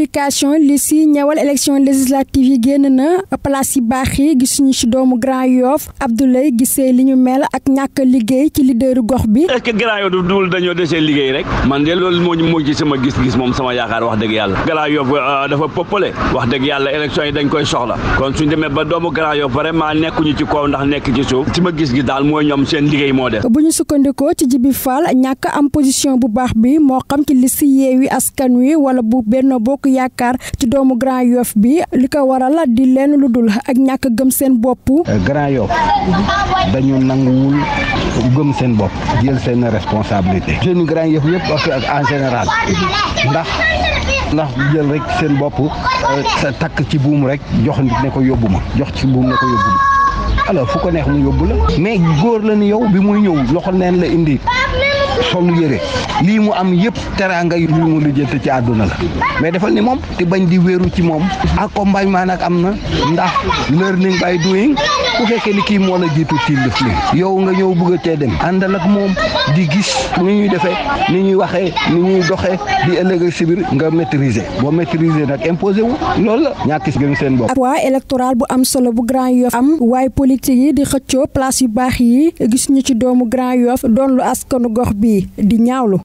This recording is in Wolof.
publication li si ñëwal élection législative yi génn na place yi baax yi gisuñu ci doomu Grand Yoff Abdoulaye gisee li ñu mel ak ñàkk liggéey ci leaderu gox bi. est-ce que Grand Yoff du dul dañoo desee liggéey rek. man de loolu moo moo ci sama gis-gis moom sama yaakaar wax dëgg yàlla. Grand Yoff euh, dafa popolé wax dëgg yàlla élection yi dañ koy soxla kon suñ demee ba doomu Grand Yoff vraiment nekkuñu ci kaw ndax nekk ci suuf ci ma gis-gis daal mooy moo def. bu ñu sukkandikoo ci Jibi Fall ñàkk am position bu baax bi moo xam ci liste Yewwi Askan Wi wala bu Benno yaakaar ci doomu Grand Yoff bi li ko waral di lenn lu dul ak ñàkk gëm seen bopp. Euh, Grand Yoff dañu nanguwul gëm seen bopp jël seen responsabilité. jeunes Grand Yoff yëpp ak en général ndax. ndax jël rek seen bopp euh, takk ci buum rek jox nit ne ko yóbbu ma jox ci buum ne ko yóbbu ma alors fu ko neex mu yóbbu la mais góor la ni yow bi muy ñëw loxo neen la indi sol yére lii mu am yëpp teraanga yu mu lijjanti ci àdduna la mais defal ni moom te bañ di wéeru ci moom accompagnement nag am na ndax learning by doing bu fekkee ni kii moo la jiitu tiim la fii yow nga ñëw bugg a tee dem ànd ak moom di gis ni ñuy defee ni ñuy waxee ni ñuy doxee di ëllëg si nga maîtriser boo maîtriser nag imposé wu loolu la ñàkk si gën seen bopp. poids électoral bu am solo bu Grand Yoff am waaye politique yi di xëccoo place yu baax yi gisuñu ci doomu Grand Yoff doon lu askanu gox bi di ñaawlu.